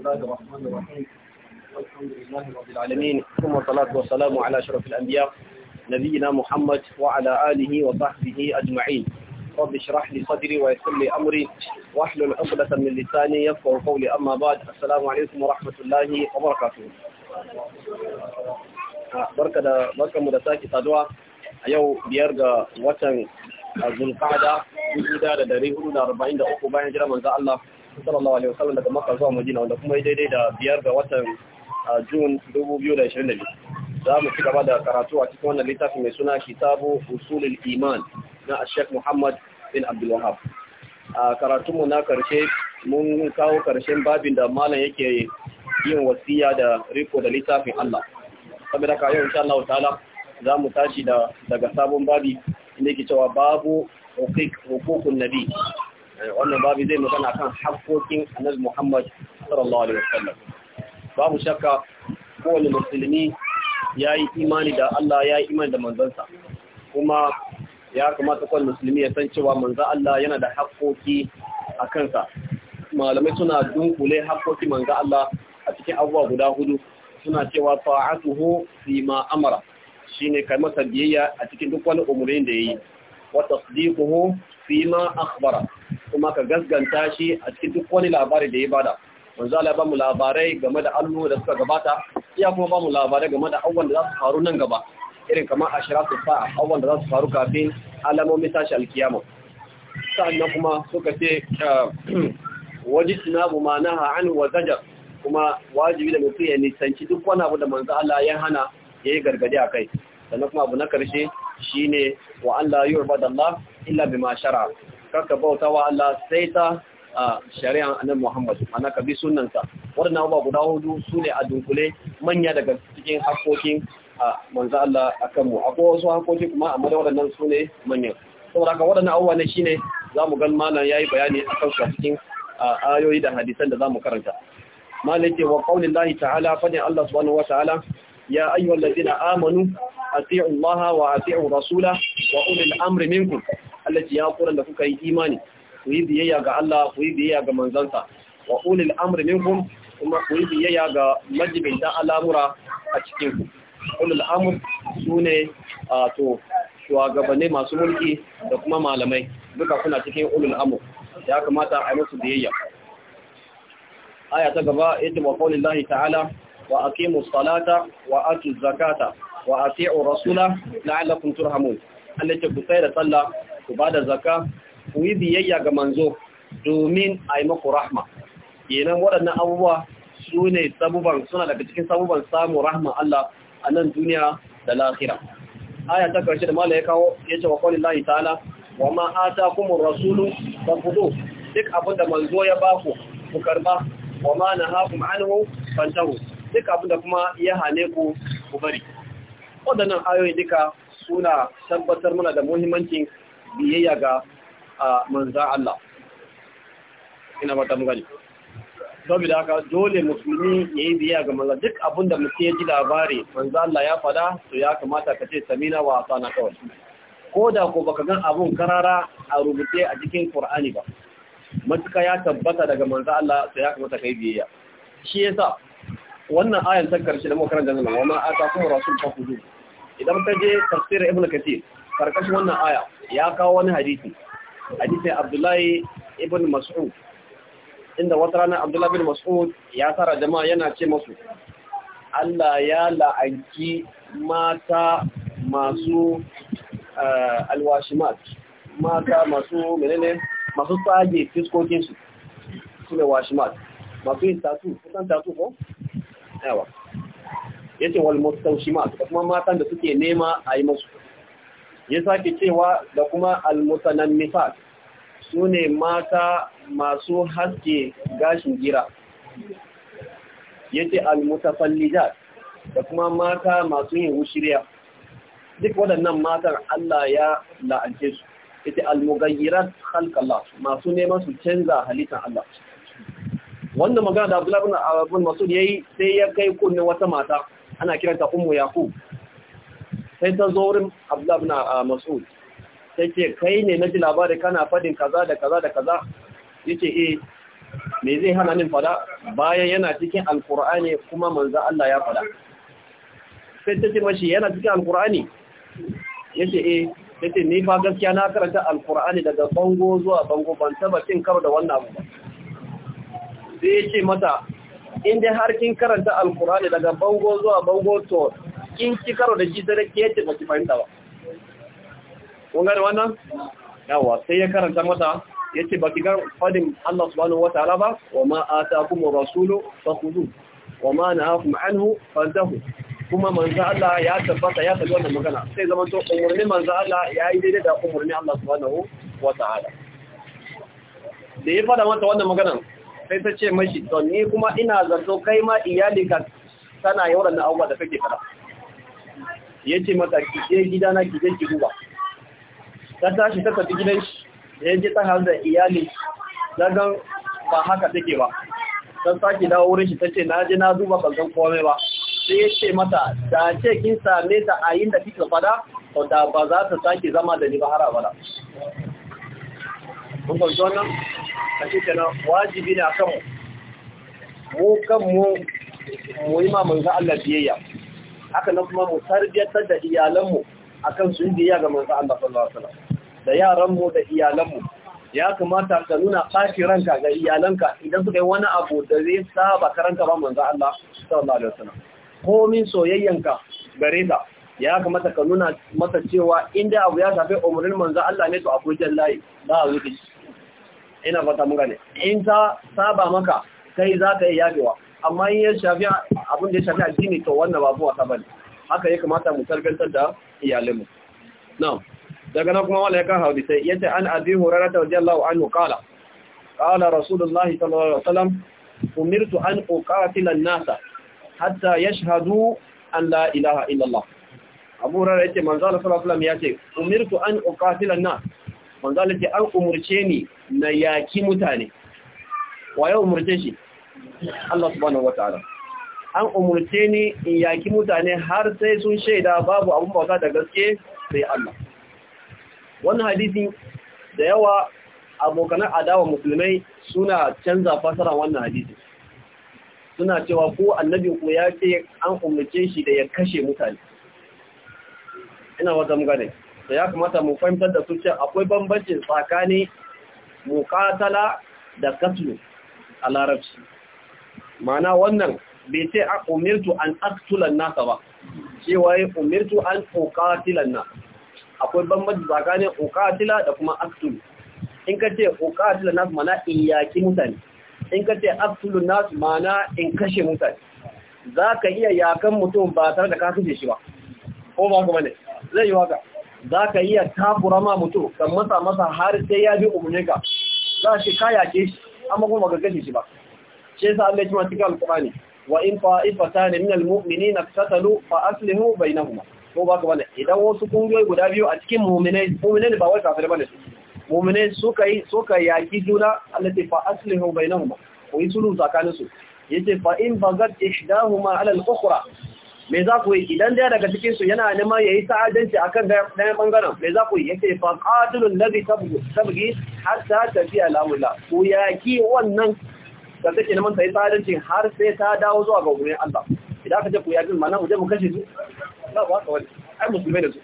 الله الرحمن الرحيم والحمد لله رب العالمين ثم الصلاة والسلام على أشرف الأنبياء نبينا محمد وعلى آله وصحبه أجمعين رب اشرح لي صدري ويسر لي أمري واحلل عقدة من لساني يفقه قولي أما بعد السلام عليكم ورحمة الله وبركاته barka da barka mu da sake saduwa a yau biyar ga watan zulqa'ada 1443 bayan jira manzo Allah sallallahu alaihi wasallam daga Makka zuwa Madina wanda kuma daidai da biyar ga watan ah, June 2022 za mu ci gaba da karatu a cikin wannan littafi mai suna Kitabu Usulul Iman na Sheikh Muhammad bin Abdul wahab a karatu mu na karshe mun kawo karshen babin da malam yake yin wasiya da riko da littafin Allah saboda ka yau insha Allah ta'ala za mu tashi daga sabon babi inda yake cewa babu hukukun nabi Eh, wannan babu zai magana kan haƙoƙin annabi Muhammad sallallahu alaihi wasallam babu shakka kowane musulmi ya yi imani da Allah ya yi imani da manzansa kuma ya kamata kowane musulmi ya san cewa manzan Allah yana da haƙoƙi a kansa malamai suna dunkule haƙoƙi manzan Allah a cikin abubuwa guda hudu suna cewa fa'atuhu fi ma amara shine kai masa biyayya a cikin duk wani umurin da yayi wa tasdiquhu fi ma akhbara kuma ka gasganta shi a cikin duk wani labari da ya bada wanzu bamu ba mu labarai game da allo da suka gabata iya kuma ba mu labarai game da awon da za su faru nan gaba irin kamar su sa'a awon da za su faru kafin alamomi tashi alkiyama na kuma suka ce eh, wajisna bu ma na ha'ani wa zajar kuma wajibi da mutum ya nisanci duk wani abu da manzo Allah ya hana ya yi gargadi a kai sannan kuma abu na karshe shine wa Allah yu'badallah illa ma shara karka bauta wa Allah sai ta a shari'an annan Muhammad ana ka bi sunansa waɗannan abubuwa guda hudu su ne a dunkule manya daga cikin haƙoƙin a manzo Allah akan mu akwai wasu haƙoƙi kuma amma da waɗannan su ne manyan saboda haka waɗannan abubuwa ne shine zamu ga malam yayi bayani akan su a cikin ayoyi da hadisan da zamu karanta malam ce wa qaulillahi ta'ala fa Allah subhanahu wa ta'ala ya ayyuhallazina amanu atii'u Allah wa atii'u rasula wa ulil amri minkum Allah ya kuran da kuka yi imani ku yi biyayya ga Allah ku yi biyayya ga manzansa wa ulil amri minkum kuma ku yi biyayya ga majibinta al'amura a cikin ku ulil amr sune to shugabanni masu mulki da kuma malamai duka kuna cikin ulul amr ya kamata a yi musu biyayya aya ta gaba yace wa qaulillahi ta'ala wa aqimus salata wa atuz zakata wa ati'u rasula la'allakum turhamun Allah ya ku tsaya da sallah ku ba da zaka ku yi biyayya ga manzo domin a yi maku rahma kenan waɗannan abubuwa su ne sabuban suna daga cikin sabuban samun rahma Allah a nan duniya da lahira aya ta karshe da mala ya kawo ya ce wa kwallon lahi ta'ala wa ma ta kuma rasulu ba ku zo duk abin da manzo ya ba ku ku karba wa ma na haku ma'anahu fantahu duk abin da kuma ya hane ku ku bari waɗannan ayoyi duka suna tabbatar mana da muhimmancin biyayya ga manzan Allah ina ba ta gani saboda haka dole musulmi ya yi biyayya ga manzan duk abin da mutum ya ji labari manzan Allah ya fada to ya kamata ka ce samina wa asana kawai ko da ko baka gan abun karara a rubuce a cikin Qur'ani ba matuka ya tabbata daga manzan Allah to ya kamata ka yi biyayya shi yasa wannan ayan ta karshe da muka karanta nan wa ma kuma rasul fakhudhu idan ka je tafsir ibn kathir karkashin wannan aya ya kawo wani hadisi hadisin abdullahi ibn mas'ud inda wata rana abdullahi ibn mas'ud ya tara jama'a yana ce masu Allah ya la'anki mata masu eh, alwashimat mata masu menene masu tsage fiskokinsu su ne washimat masu yin tatu kusan tatu ko? yawa yace wal mustaushimat kuma matan da suke nema a yi masu ya sake cewa da kuma al su ne mata masu haske gashin gira yace al-mutafallijat da kuma mata masu yin wushiriya duk waɗannan matan Allah ya la'ance su ya al-mughayyirat halkala, masu neman su canza halittar Allah wanda magana da abu ibn ya yayi sai ya kai kunne wata mata ana kiranta umu yaku sai ta zo wurin abdullahi ibn ah, mas'ud sai ce kai ne na ji labari kana fadin kaza da kaza da kaza Ya ce e me zai hana min fada bayan yana cikin alkur'ani kuma manza Allah ya fada sai ta ce mashi yana cikin alkur'ani yace eh. Ta ce ni fa gaskiya na karanta alkur'ani daga bango zuwa bango ban taba cin karo da wannan abu ba sai ce mata in dai har kin karanta alkur'ani daga bango zuwa bango to in ki karo da shi sai ke ce baki fahimta ba kun gane wannan yawa sai ya karanta mata yace baki ga fadin Allah subhanahu wataala ba wa ma ataakum rasulu fakhudhu wa ma nahakum anhu fantahu kuma manzo Allah ya tabbata ya tabbata wannan magana sai zaman to umurni manzo Allah ya yi daidai da umurni Allah subhanahu wataala da ya fada mata wannan magana sai ta ce mashi to ni kuma ina zato kai ma iyali ka tana yawan da abubuwa da kake fada ya ce mata ki je gidana ki je ki duba ta tashi ta tafi gidan shi da ya je ta haɗu da iyali zagan ba haka take ba ta sake dawo wurin shi ta ce na je na duba ban san komai ba sai ya ce mata da ce kin same ta a yin da kika fada to da ba za ta sake zama da ni ba har abada mun ga wannan a kana wajibi ne a kanmu mu kanmu mu yi ma manzo Allah biyayya haka nan kuma mu tarbiyatar da iyalanmu akan su biya ga manzo Allah sallallahu alaihi wasallam da yaranmu da iyalanmu ya kamata ka nuna kashi ranka ga iyalanka idan suka yi wani abu da zai saba karanta ba manzo Allah sallallahu alaihi wasallam komin soyayyanka gare ta ya kamata ka nuna mata cewa inda abu ya tafi umarnin manzo Allah ne to akwai jallayi ba a zuci ina fata mun gane in ta saba maka kai za ka yi yabewa amma in ya shafi abin da ya shafi addini to wannan babu wasa bane haka ya kamata mu targantar da iyalinmu na'am daga nan kuma wala ya kan hadisi yace an abi ta radiyallahu anhu qala qala rasulullahi sallallahu alaihi wasallam umirtu an uqatila an-nasa hatta yashhadu an la ilaha illa Allah abu hurairah yace manzo Allah sallallahu alaihi wasallam yace umirtu an uqatila an-nas manzo Allah yace an umurce ni na yaki mutane Wa ya umurce shi Allah subhanahu wataala an umurce ni in yaki mutane har sai sun shaida babu abun bauta da gaske sai Allah wannan hadisi da yawa abokan adawa musulmai suna canza fasara wannan hadisi suna cewa ko annabi ko ya ce an umurce shi da ya kashe mutane ina wata mugane da ya kamata mu fahimtar da su cewa akwai bambancin tsakanin mukatala da katlu a larabci ma'ana wannan bai ce a umirtu an aktulan nasa ba cewa ya umirtu an ƙoƙatilan na akwai bambanci tsakanin ƙoƙatila da kuma aktul in ka ce ƙoƙatilan nasu mana in yaƙi mutane in ka ce aktulun nasu mana in kashe mutane za ka iya yakan mutum ba tare da ka kashe shi ba ko ba kuma ne zai yi waka za ka iya takura ma mutum kan masa masa har sai ya bi umarninka za shi ka yake shi amma kuma ga kashe shi ba shi yasa Allah ya cikin alqur'ani wa in ta'ifatan min almu'minina qatalu fa aslihu bainahuma ko baka bane idan wasu kungiyoyi guda biyu a cikin mu'minai mu'minai ba wai kafir bane mu'minai suka yi suka yaki juna Allah ya fa aslihu bainahuma ko yi sulhu tsakanin su yace fa in bagat ihdahuma ala al-ukhra me za ku yi idan daya daga cikin su yana nema yayi ta'adanci akan ɗayan bangaren me za ku yi yace fa qatilul ladhi tabghi hatta tafi'a ila wala ku yaki wannan kan take neman ta yi har sai ta dawo zuwa ga gurin Allah idan aka je ku bin mana mu je mu kashe su ba ba ka wani ai musulmi ne su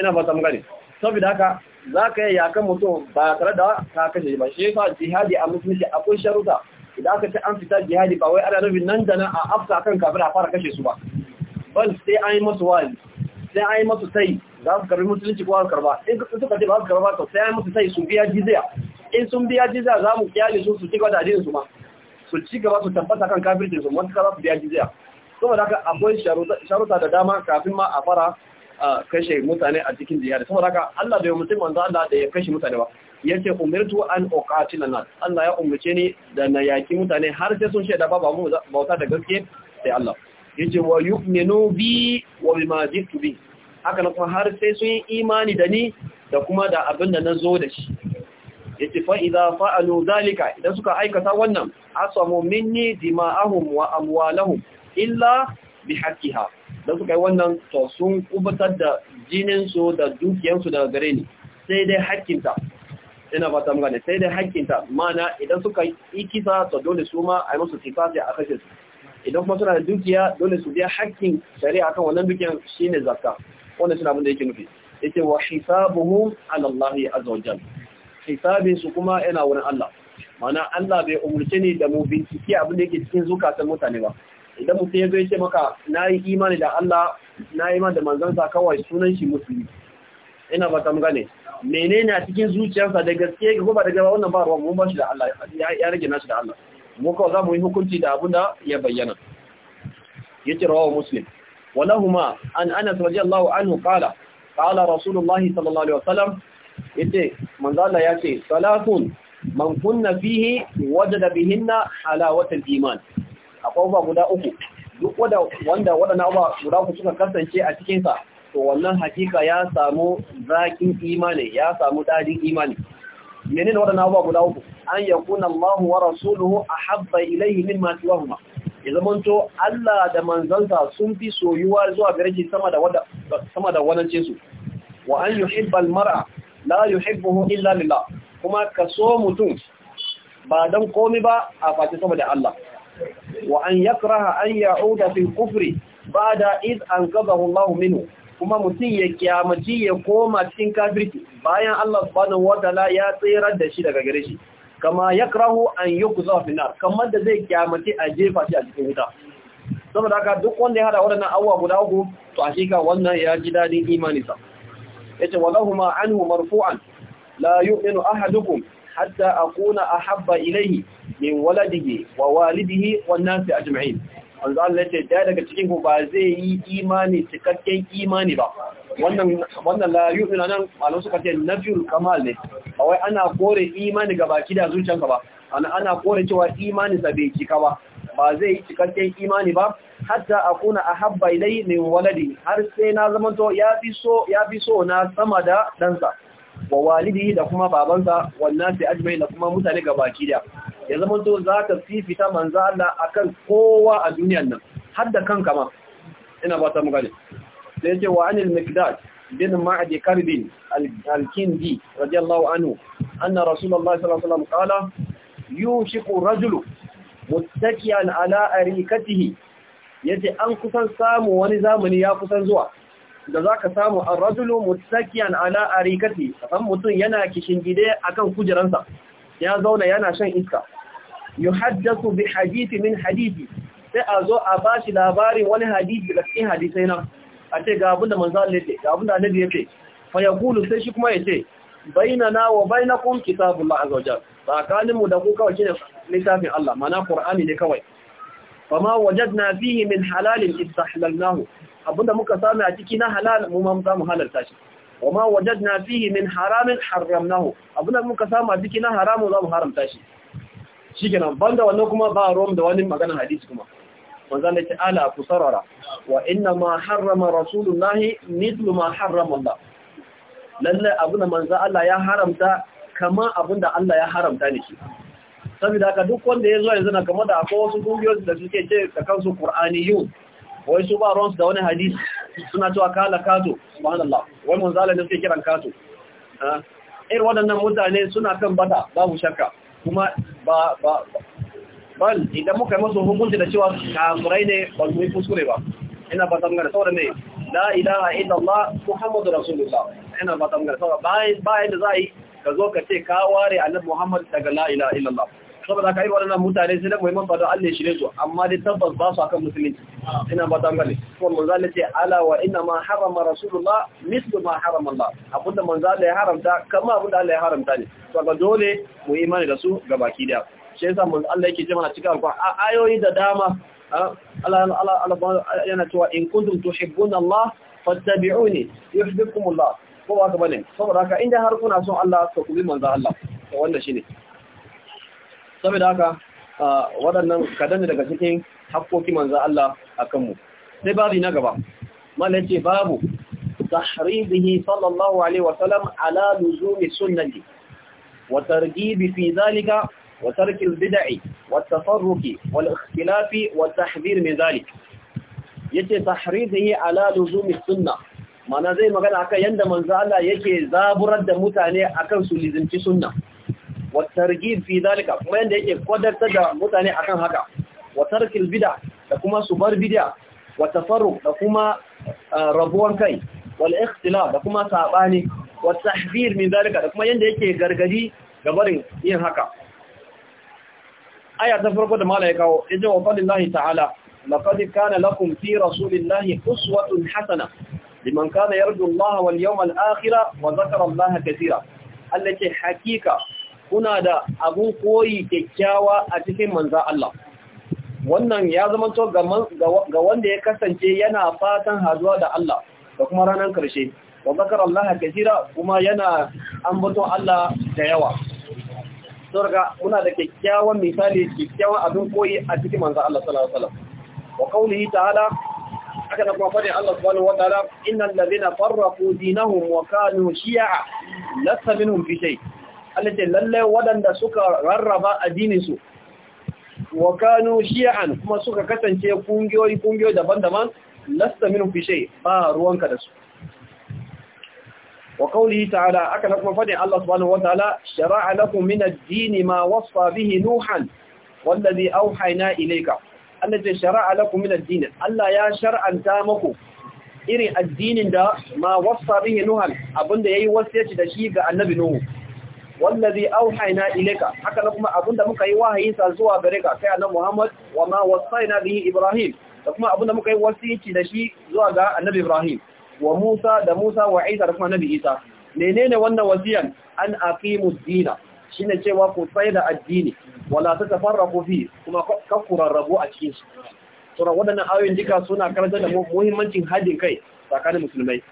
ina ba ta magani saboda haka za ka yi yakan mutum ba tare da ka kashe ba shi yasa jihadi a musulunci akwai sharuda idan aka ce an fita jihadi ba wai ana nufin nan da nan a afta kan kafin a fara kashe su ba bal sai an yi masu wali sai an yi masu sai za su karbi musulunci ko za su karba in suka ce ba su karba to sai an yi masu sai su biya jizya in sun biya jizya za mu kyale su su ci gaba da su ma su ci gaba su tabbata kan kafircin su wanda za su biya jizya saboda haka akwai sharuta da dama kafin ma a fara kashe mutane a cikin jihadi saboda haka Allah bai mutum manzo Allah da ya kashe mutane ba yace umirtu an uqatila nan. Allah ya umarci ni da na yaki mutane har sai sun shaida babu mu bauta da gaske sai Allah yace wa yu'minu bi wa bima jitu bi haka kuma har sai sun yi imani da ni da kuma da abin da na zo da shi yace fa idza fa'alu zalika idan suka aikata wannan asamu minni dima'ahum wa amwalahum illa bihaqqiha idan suka yi wannan to sun kubutar da jinin su da dukiyar su daga gare ni sai dai hakkinta ina fata mun gane sai dai hakkinta mana idan suka yi kisa to dole su ma a yi musu tifasi a kashe su idan kuma suna da dukiya dole su biya haƙƙin shari'a kan wannan dukiyar shine zakka wannan shi abin da yake nufi yace wa hisabuhum ala Allah azza wa jalla hisabinsu kuma yana wurin Allah mana Allah bai umurce ni da mu bincike abin da yake cikin zukatan mutane ba idan mutum ya zo ya ce maka na yi imani da Allah na yi imani da manzansa kawai sunan shi musulmi ina ba ta gane menene a cikin zuciyarsa da gaske ga kuma da gaba wannan ba ruwan mun ba shi da Allah ya rage nashi da Allah mu kawai za mu yi hukunci da abin da ya bayyana yace rawahu muslim walahuma an anas radiyallahu anhu qala qala rasulullahi sallallahu alaihi wasallam yace manzo Allah ya ce salatun man kunna fihi wajada bihinna halawatul iman akwai guda uku duk wanda wanda wadana ba guda uku suka kasance a cikin sa to wannan hakika ya samu zakin imani ya samu dadin imani menene wadana ba guda uku an yakuna Allahu wa rasuluhu ahabba ilayhi mimma idan ya to Allah da manzansa sun fi soyuwa zuwa gare sama da wanda sama da wannan ce su wa an yuhibba al-mar'a la yuhibbuhu illa lillah kuma ka so mutum ba dan komi ba a face saboda Allah wa an yakraha an ya'uda fil kufri ba'da id an qadahu Allah minhu kuma mutum ya kiyamaci ya koma cikin kafirci bayan Allah subhanahu Taala ya tsira da shi daga gare shi kama yakrahu an yuqza fil nar kamar da zai kiyamaci a jefa shi a cikin wuta saboda haka duk wanda ya hada wannan awwa guda uku to a shi ka wannan ya ji dadin imaninsa yace wa anhu marfu'an la yu'minu ahadukum hatta akuna ahabba ilayhi min waladihi wa walidihi wan nasi ajma'in manzo Allah yace da daga cikin ku ba zai yi imani cikakken imani ba wannan wannan la yu'minu nan malamu suka ce nafiyul kamal ne kawai ana kore imani ga baki da zuciyanka ba ana ana kore cewa imani sa bai cika ba ba zai yi cikakken imani ba hatta akuna ahabba ilai min waladi har sai na zamanto yafi so so na sama da ɗansa wa walidihi da kuma babansa wannan sai ajmai da kuma mutane gabaki da ya zamanto zaka fifita manzo Allah akan kowa a duniyar nan har da kanka ma ina ba ta magana sai yace wa anil miqdad bin ma'adi karbin al-kindi radiyallahu anhu anna rasulullahi sallallahu alaihi wasallam qala yushiku rajulu muttakiyan ala arikatihi Ya ce an kusan samu wani zamani ya kusan zuwa da zaka samu ar-rajulu muttakiyan ala arikati san mutun yana kishin gide akan kujeransa ya zauna yana shan iska yuhaddathu bi hadithi min hadithi sai a zo a bashi labarin wani hadisi da cikin hadisai na a ce ga abinda manzo Allah yake ga abinda annabi yake fa yaqulu sai shi kuma yace na wa bainakum kitabullah azza wajal tsakaninmu da ku kawai ne littafin Allah mana Qur'ani ne kawai fama wajadna fihi min halalin istahlalnahu abinda muka samu a ciki na halal mu ma mu halalta shi wama wajadna fihi min haramin haramnahu abinda muka samu a ciki na haramu za mu haramta shi shikenan banda wannan kuma ba rom da wani magana hadisi kuma manzon da ta'ala ku sarara wa inna ma harrama rasulullahi mithlu ma harrama Allah lalle abinda manzo Allah ya haramta kama abunda Allah ya haramta ne shi saboda haka duk wanda ya zo yanzu na kamar da akwai wasu kungiyoyi da suke ce da kansu qur'aniyun wai su ba ruwansu da wani hadisi suna cewa kala kato subhanallah wai zala ne suke kiran kato ah, irin waɗannan mutane suna kan bata babu shakka kuma ba ba bal idan muka yi masu hukunci da cewa kafirai ne ba su yi kuskure ba ina ba tangar saboda ne la ilaha illallah muhammadu rasulullah ina ba tangar saboda ba da za a yi ka zo ka ce ka ware annabi muhammad daga la ilaha illallah saboda ka yi waɗannan mutane sai dai muhimman fata Allah shi ne su amma dai tabbas ba su akan musulunci ina ba ta gane kuma manzala ce ala wa inna ma harama rasulullah mislu ma harama Allah abinda manzala ya haramta kama abinda Allah ya haramta ne saboda dole mu yi imani da su ga baki daya shi yasa Allah yake ce mana cikin a ayoyi da dama Allah yana cewa in kuntum tuhibbuna Allah fattabi'uni yuhibbukum Allah ko ba ka bane saboda haka inda har kuna son Allah to ku bi manzo Allah to wannan shine saboda haka waɗannan kadan daga cikin haƙƙoƙi manza Allah a kanmu. sai babu na gaba mallan ce babu tahribihi sallallahu alaihi wa ala luzumi sunnati wa targhibi fi zalika wa tarki al wa tafarruki wal ikhtilaf wa tahdhir min zalik yace tahribihi ala luzumi sunnah mana zai magana akan yanda manzo Allah yake zaburar da mutane akan su lizinci sunna wa targhib fi zalika kuma yanda yake kodarta da mutane akan haka wa tarkil bid'a da kuma su bar bid'a wa tafarruq da kuma eh, rabuwan kai wal ikhtilaf da kuma sabani wa tahdhir min da kuma yanda yake gargadi ga barin yin haka aya ta farko da malai kawo yaje wa fadillahi ta'ala laqad kana lakum fi rasulillahi uswatun hasana liman kana yarju Allah wal yawmal akhir wa dhakara Allah katira allati hakika kuna da abun koyi kyakkyawa a cikin manza Allah wannan ya zama to ga wanda ya kasance yana fatan hazuwa da Allah da kuma ranar karshe wa zakar Allah kasira kuma yana ambaton Allah da yawa saboda kuna da kyakkyawan misali kyakkyawan abin koyi a cikin manzo Allah sallallahu alaihi wasallam wa qawlihi ta'ala aka da kuma fadin Allah subhanahu wa ta'ala innal ladina farraqu dinahum wa kanu shi'a lasta minhum fi Allah ce lallai waɗanda suka rarraba addininsu wa kanu shi'an kuma suka kasance kungiyoyi kungiyoyi daban-daban lasta min fi ba ruwanka da su wa qawlihi ta'ala aka na kuma fadin Allah subhanahu wataala shara'a lakum min ad-din ma wasfa bihi nuhan wallazi awhayna ilayka Allah shara'a lakum min ad-din Allah ya shar'anta muku irin addinin da ma wasfa bihi nuhan abinda yayi wasiyaci da shi ga annabi nuhu wallazi auhayna ilayka haka na kuma abinda muka yi wahayin sa zuwa gare ka kai annabi Muhammad wa ma wasaina bihi Ibrahim da kuma abinda muka yi wasiyyaci da shi zuwa ga annabi Ibrahim wa Musa da Musa wa Isa da kuma annabi Isa menene wannan wasiyan an aqimu dina shine cewa ku tsaya da addini wala tatafarraqu fi kuma kafura rabu a cikin shi sura wadannan ayoyin duka suna karantar da muhimmancin hadin kai tsakanin musulmai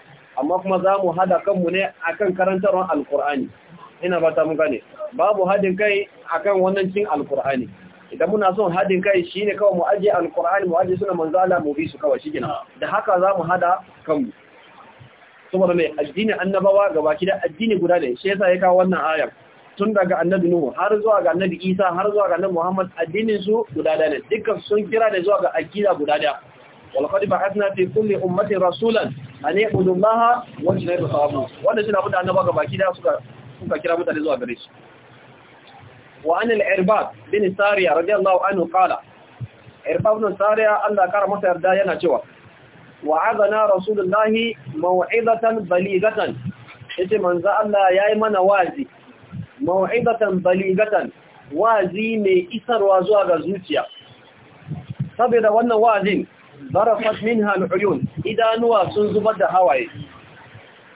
amma kuma za mu hada kanmu ne akan karantarwar alqur'ani ina ba ta mun gane babu hadin kai akan wannan cin alkur'ani idan muna son hadin kai shine kawai mu aje alkur'ani mu aje sunan manzo Allah mu bi su kawai shi da haka za mu hada kanmu saboda mai addinin annabawa gabaki da addini guda ne shi yasa ya kawo wannan ayar tun daga annabi Nuhu har zuwa ga annabi Isa har zuwa ga annabi Muhammad addinin su guda da ne dukkan sun kira da zuwa ga aqida guda da walqad ba'athna fi kulli ummatin rasulan an ya'budu Allah wa yajtanibu tawagut wannan shi na fada annabawa gabaki da suka suka kira mutane zuwa gare shi wa an al-irbad bin sariya radiyallahu anhu qala irbad bin sariya Allah kara masa yarda yana cewa wa'azana rasulullahi maw'izatan baligatan yace manzo Allah yayi mana wazi maw'izatan baligatan wazi ne isarwa zuwa ga zuciya saboda wannan wazin zarafat minha al-uyun idanuwa sun zubar da hawaye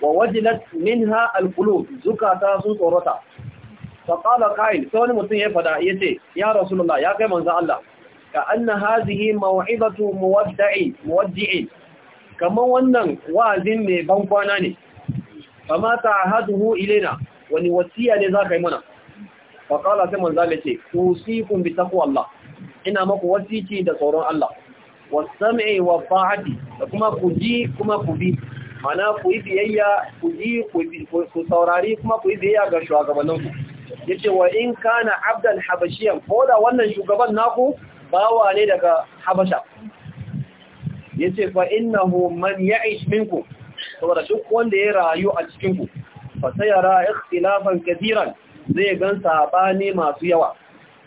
wa wajilat minha alqulub zukata sun tsorata fa qala qa'il sai wani mutum ya fada yace ya rasulullah ya kai manzo Allah ka anna hadhihi maw'izatu muwaddi'i muwaddi'i kaman wannan wa'azin mai ban kwana ne fama ta'haduhu ilaina wani wasiya ne zaka yi mana fa qala sai manzo Allah yace usikum bi taqwallah ina maku wasici da tsoron Allah wasami'i wa ta'ati da kuma ku ji kuma ku bi mana ku yi biyayya ku ji ku saurari kuma ku yi biyayya ga shugabanninku ya ce wa in kana abdan habashiyan ko da wannan shugaban naku bawa ne daga habasha ya ce fa innahu man ya'ish minku saboda duk wanda ya rayu a cikinku fa sayara ikhtilafan kathiran zai gan sabani masu yawa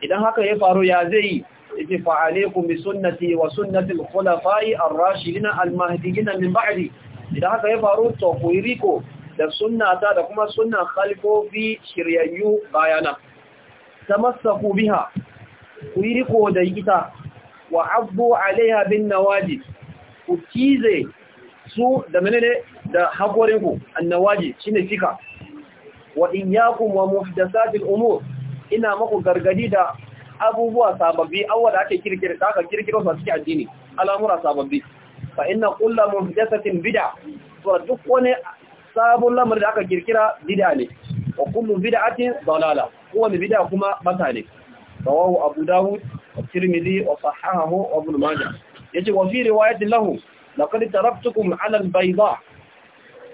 idan haka ya faru ya zai yace fa alaikum bi sunnati wa sunnati al-khulafa'i ar-rashidin al-mahdiyyin min ba'di idan haka ya faru to ku da suna ta da kuma suna khalifofi shiryayyu bayana ku biha ku yi riko da ita wa abu alaiha bin nawaji ku kize su da menene da hakorinku annawaji shine fika wa in mu wa muhdathatil umur ina maku gargadi da abubuwa sababbi da ake da aka kirkiro wasu a cikin addini al'amura sababbi fa inna kullu muhdathatin bid'a to duk wani sabon lamarin da aka kirkira bid'a ne wa kullu bid'atin dalala kowane bid'a kuma bata ne rawahu abu dawud wa tirmidhi wa sahahahu ibn majah yace wa fi riwayatin lahu laqad taraktukum ala al-bayda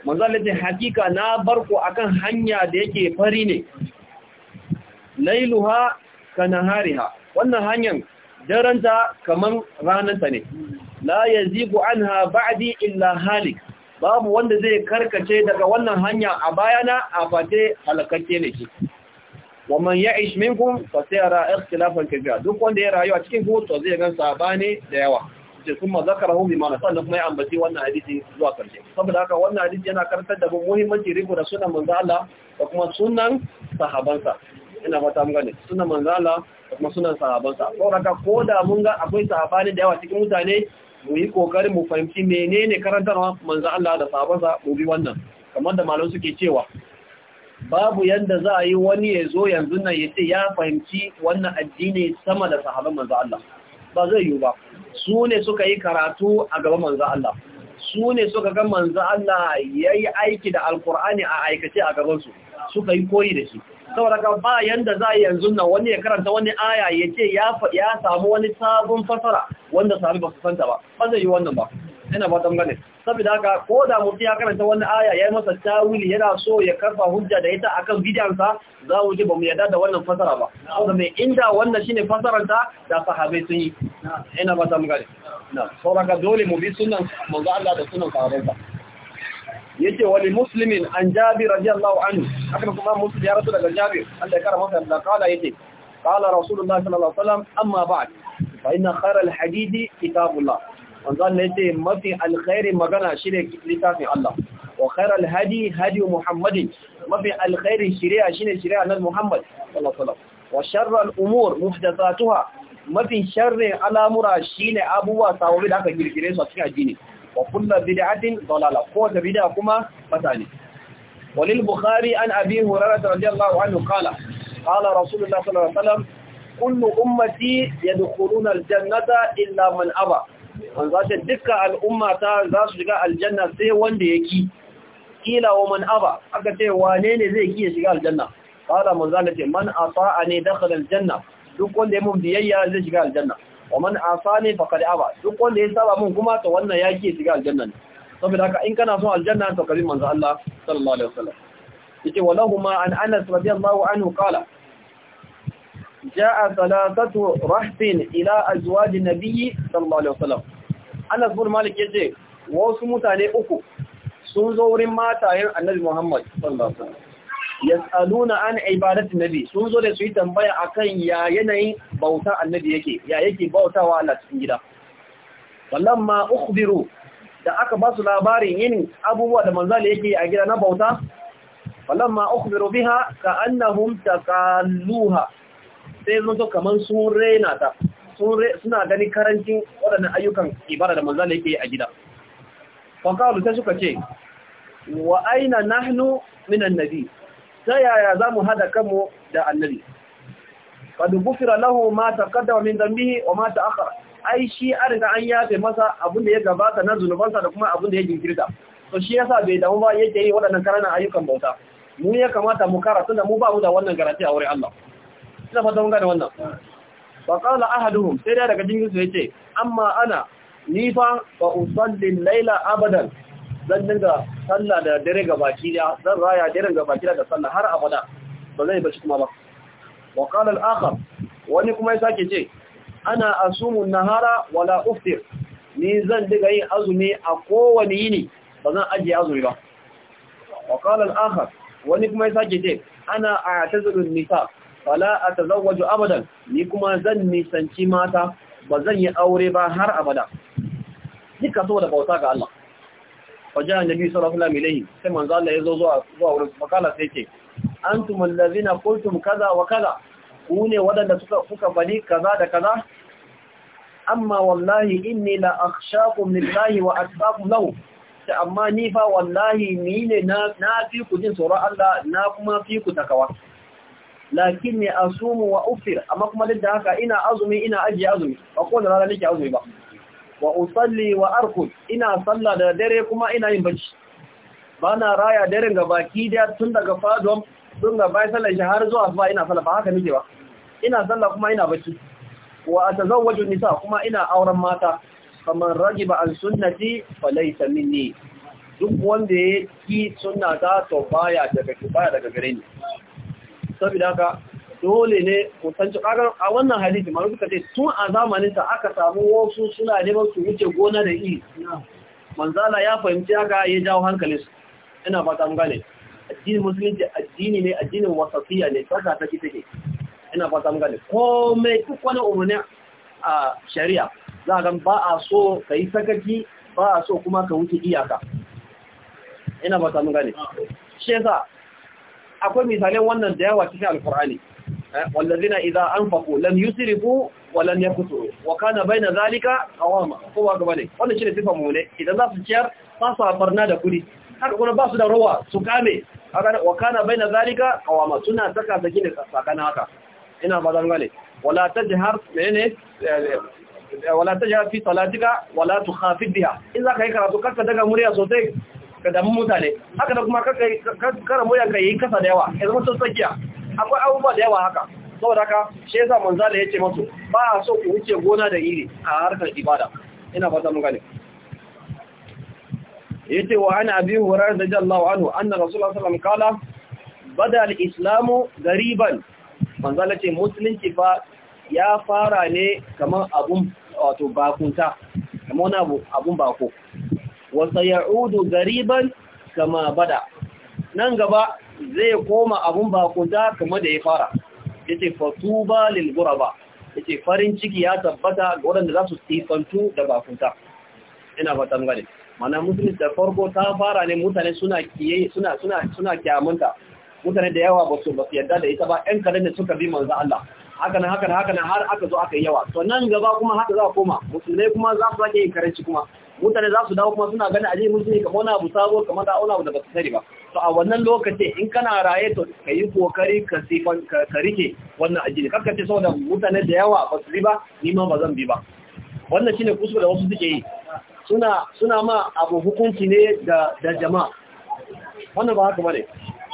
manzo hakika na barku akan hanya da yake fari ne lailuha ka nahariha wannan hanyar daranta kaman rananta ne la yazigu anha ba'di illa halik babu wanda zai karkace daga wannan hanya a bayana a fate halakakke ne shi wa man ya'ish minkum fa sayara ikhtilafan kabira duk wanda ya rayu a cikin ku to zai gan ne da yawa ce kuma zakarahu bi ma'ana sannan kuma ya ambaci wannan hadisi zuwa karshe saboda haka wannan hadisi yana karantar da muhimmanci riko da sunan manzo Allah da kuma sunan sahabansa ina fata mun gane sunan manzala da kuma sunan sahabansa ko raka ko da mun ga akwai sahabanin da yawa cikin mutane mu yi kokari mu fahimci menene karantarwa manzo Allah da sahabansa mu bi wannan kamar da malamu suke cewa babu yanda za a yi wani ya zo yanzu nan ya ce ya fahimci wannan addini sama da sahabban manzo Allah ba zai yiwu ba su ne suka yi karatu a gaban manzo Allah su ne suka ga manzo Allah yayi aiki da alkur'ani a aikace a gabansu suka yi koyi da shi saboda ka ba yanda za a yanzu nan wani ya karanta wani aya ya ce ya samu wani sabon fasara wanda sami ba su santa ba ba zai yi wannan ba yana ba don gane saboda haka ko da mutum ya karanta wani aya ya yi masa tawili yana so ya karfa hujja da ita akan bidansa za mu ji ba mu yadda da wannan fasara ba saboda mai inda wannan shine fasaranta da sahabai sun yi yana ba don gane na saboda ka dole mu bi sunan manzo Allah da sunan sahabai yace wali muslimin an jabir radiyallahu anhu haka kuma muslim ya rasu daga jabir Allah ya karama masa da kala yace qala rasulullah sallallahu alaihi wasallam amma ba'd fa inna khayral hadidi kitabullah wanzan yace mafi alkhairi magana shine littafin Allah wa khayral hadi hadi muhammadin mafi alkhairi shari'a shine shari'a nan muhammad sallallahu alaihi wasallam wa sharral umur muhdathatuha mafi sharri al'amura shine abubuwa sawabi da aka girgire su a cikin addini wa kullu bid'atin dalala ko da bid'a kuma fata ne walil bukhari an abi hurairah radiyallahu anhu qala qala rasulullah sallallahu alaihi wasallam kullu ummati yadkhuluna aljannata illa man aba an zace dukkan al'ummata za su shiga aljanna sai wanda yake kila wa man aba aka ce wane ne zai kiyaye shiga aljanna qala man zalati man ata'ani dakhala aljanna duk wanda ya mun biyayya zai shiga aljanna wa man asani faqad aba duk wanda ya saba mun kuma to wannan yaki shiga aljanna ne saboda haka in kana son aljanna to kabi manzo Allah sallallahu alaihi wasallam yace walahuma an Anas radiyallahu anhu qala جاء ثلاثة رحب إلى أزواج النبي صلى الله عليه وسلم أنس بن مالك يجي wasu mutane uku sun zo wurin matayen annabi Muhammad sallallahu alaihi wasallam yas'aluna an ibadatin nabi sun zo da su yi tambaya akan ya yanayin bauta annabi yake ya yake bautawa Allah cikin gida wallamma ukhbiru da aka ba su labarin yin abubuwa da manzali yake a gida na bauta wallamma ukhbiru biha ka'annahum taqalluha sai zo to kaman sun rena ta suna gani karancin waɗannan ayyukan ibada da manzali yake a gida fa qalu sai suka ce wa aina nahnu minan nabi ta yaya za mu hada kanmu da annabi qad gufira lahu ma taqaddama min zambihi wa ma ta'akhkhara ai shi an riga an yafe masa abin da ya gabata na zunubansa da kuma abin da ya jinkirta to shi yasa bai damu ba yake yi waɗannan karanan ayyukan bauta mu ya kamata mu kara tunda mu ba mu da wannan garanti a wurin Allah ina fata mun gane wannan fa qala sai da daga jinsu yace amma ana ni fa fa usalli layla abadan zan dinga sallah da dare gabaki da zan raya ga gabaki da sallah har abada ba zai bashi kuma ba wa qala al-akhar wani kuma ya sake ce ana asumun nahara wala uftir ni zan dinga yin azumi a kowane yini ba zan ajiye azumi ba wa qala al-akhar wani kuma ya sake ce ana a'tazilun nisa wala atazawwaju abadan ni kuma zan nisanci mata ba zan yi aure ba har abada duka saboda bauta ga Allah wajen annabi sallallahu alaihi wasallam sai manzo Allah ya zo zuwa zuwa wurin makala sai ce antum allazina qultum kaza wa kaza ku ne wadanda suka kuka bari kaza da kaza amma wallahi inni la akhshakum lillahi wa atqakum lahu ta amma ni fa wallahi ni ne na fi ku jin tsoron Allah na kuma fi ku takawa lakin ne asumu wa ufir amma kuma duk da haka ina azumi ina ajiye azumi ba kowane rana nake azumi ba wa usalli wa arkud ina salla da dare kuma ina yin bacci bana raya daren ga baki da tun daga fadon tun ga bai sallar shi har zuwa ba ina sallah ba haka nake ba ina sallah kuma ina bacci wa atazawwaju nisa kuma ina auren mata kamar rajiba an sunnati laysa minni duk wanda ya ki sunna ta to baya daga baya daga gare ni saboda haka dole ne kusanci a wannan hadisi ma suka ce tun a zamaninta aka samu wasu suna neman su wuce gona da iri manzala ya fahimci haka ya jawo hankalin su ina fata mun gane addini musulunci addini ne addinin wasafiya ne saka ta take ina fata mun gane komai duk wani umarni a shari'a za ga ba a so ka yi sakaci ba a so kuma ka wuce iyaka ina fata mun gane shi yasa akwai misalin wannan da yawa cikin alkur'ani Eh, wallazina idza anfaqu lam yusrifu wa lam yaqtu wa kana bayna zalika qawama ba ga bane wannan shine sifa mu ne idan za su ciyar ba su barna da kudi haka kuma ba su da rawa su kame wa kana bayna zalika qawama suna saka saki ne sakana haka ina ba zan gane wala tajhar menene eh, wala tajhar fi salatika wala tukhafid biha in ka yi karatu karka daga murya sosai ka damu mutane haka da kuma karka kara murya ka yi kasa da yawa idan mutum tsakiya akwai abubuwa da yawa haka saboda haka shi yasa manzo da yake musu ba a so ku wuce gona da iri a harkar ibada ina fata mun gane yace wa ana abi hurairah radiyallahu anhu anna rasulullah sallallahu alaihi wasallam bada al-islamu gariban manzo yace musulunci fa ya fara ne kamar abun wato bakunta kamar wani abu abun bako wa sayaudu gariban kama bada nan gaba zai koma abun bakunta kamar da ya fara yace fatuba ba. ghuraba yace farin ciki ya tabbata ga waɗanda za su fantu da bakunta ina fata mun mana musulmi da farko ta fara ne mutane suna kiyaye mutane da yawa ba su ba su yarda da ita ba 'yan kadan da suka bi manzo Allah haka nan haka nan haka nan har aka zo aka yi yawa to nan gaba kuma haka za a koma musulmai kuma za su sake yin karanci kuma mutane za su dawo kuma suna gani a jihun jini kamar wani abu sabo kamar da wani abu da ba su sani ba to a wannan lokacin in kana raye to ka yi kokari ka sifan ka rike wannan Kar kakka ce saboda mutane da yawa ba su bi ba ni ma ba zan bi ba wannan shine kuskure da wasu suke yi suna suna ma abu hukunci ne da da jama'a wannan ba haka bane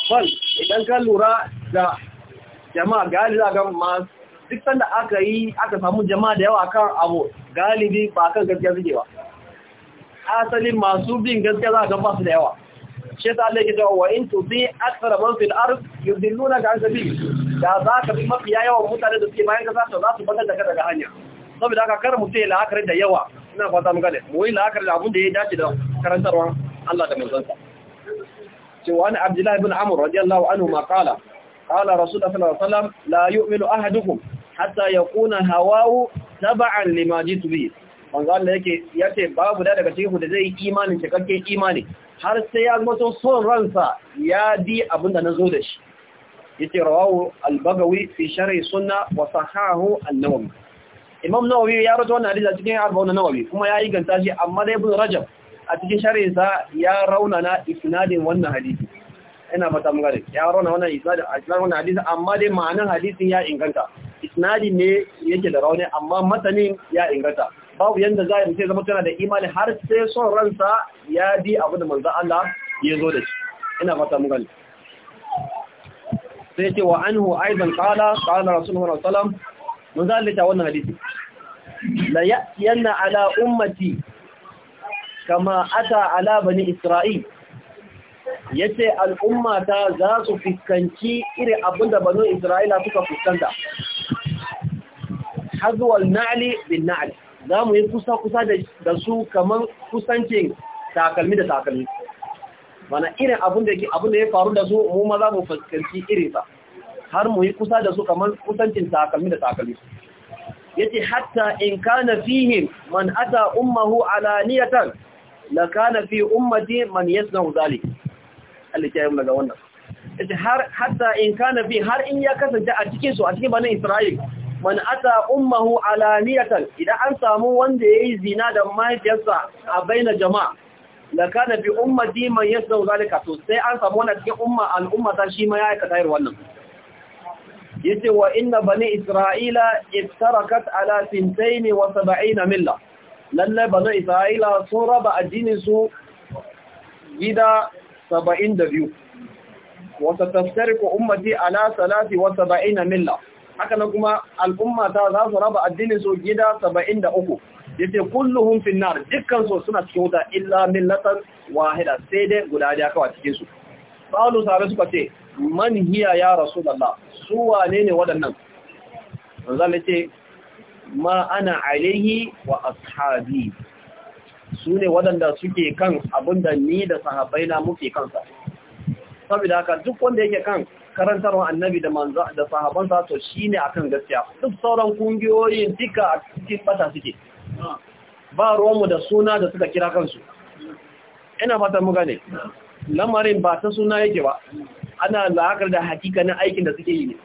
fal idan ka lura da jama'a gali za ga ma duk sanda aka yi aka samu jama'a da yawa kan abu galibi ba kan gaskiya suke ba asalin masu bin gaskiya za a ba su da yawa shi ta Allah ke cewa wa in tuzi akthara man fil ard nuna ka an sabil da za ka bi mafi yawan mutane da suke bayan ka za su batar da ka daga hanya saboda haka kar mutum ya la'akari da yawa ina fata mu gane mu yi la'akari da abin da ya dace da karantarwa Allah da manzansa cewa an Abdullah ibn Amr radiyallahu anhu ma qala qala rasul sallallahu alaihi wasallam la yu'minu ahadukum hatta yakuna hawahu tab'an lima jitu bihi manzo Allah yake yace babu da daga cikin da zai yi imanin cikakken imani har sai ya zama son ransa ya bi na zo da shi yace rawahu al-bagawi fi sharh sunna wa sahahu an-nawawi imam nawawi ya rawaito wannan hadisi cikin arba'un nawawi kuma ya inganta shi amma dai ibn rajab a cikin sharhin sa ya raunana isnadin wannan hadisi ina mata magana ya rauna wannan isnadin isnadin wannan hadisi amma dai ma'anar hadisin ya inganta isnadin ne yake da rauni amma matanin ya inganta babu yanda za a yi zama tana da imani har sai son ransa ya bi abu da manzan Allah ya zo da shi ina fata mu sai ce wa anhu aidan qala qala rasulullahi sallallahu alaihi wasallam manzan Allah ta wannan hadisi la ya'yanna ala ummati kama ata ala bani isra'il Ya ce al'ummata za su fuskanci irin abinda banu isra'ila suka fuskanta hazwal na'ali bin na'ali. za mu yi kusa-kusa da su kamar kusancin takalmi da takalmi mana irin abin da ya faru da su mu ma za mu fuskanci irinsa har mu yi kusa da su kamar kusancin takalmi da takalmi yace hatta in na fihim man ata ummuhu alaniyatan ka na fi umarci man yasna'u zalik Allah ya yi yace har hatta in na fi har in ya kasance a cikinsu a cikin banin Isra'il man ata ummuhu alaniyatan idan an samu wanda yayi zina da mahaifiyarsa a baina jama'a la kana bi ummati man yasdu zalika to sai an samu wannan cikin umma al'umma ta shi ma ya aika tayar wannan yace wa inna bani isra'ila iftarakat ala 72 milla lalle bani isra'ila sun raba addinin su gida 72 wata taftariku ummati ala 73 milla haka na kuma al'umma ta za su raba addinin su gida 73 yace kulluhum fi nar dukkan su suna cikin wuta illa millatan wahida sai dai guda daya kawai cikin su qalu suka ce man hiya ya rasulullah su wane ne waɗannan Zan ce ma ana alaihi wa ashabi su ne waɗanda suke kan abinda ni da sahabbaina muke kansa saboda haka duk wanda yake kan karantarwa annabi da manzo da sahabansa to shine akan gaskiya duk sauran kungiyoyi duka a cikin fata suke ba ruwanmu da suna da suka kira kansu ina fata mu gane lamarin ba ta suna yake ba ana la'akar da hakikanin aikin da suke yi ne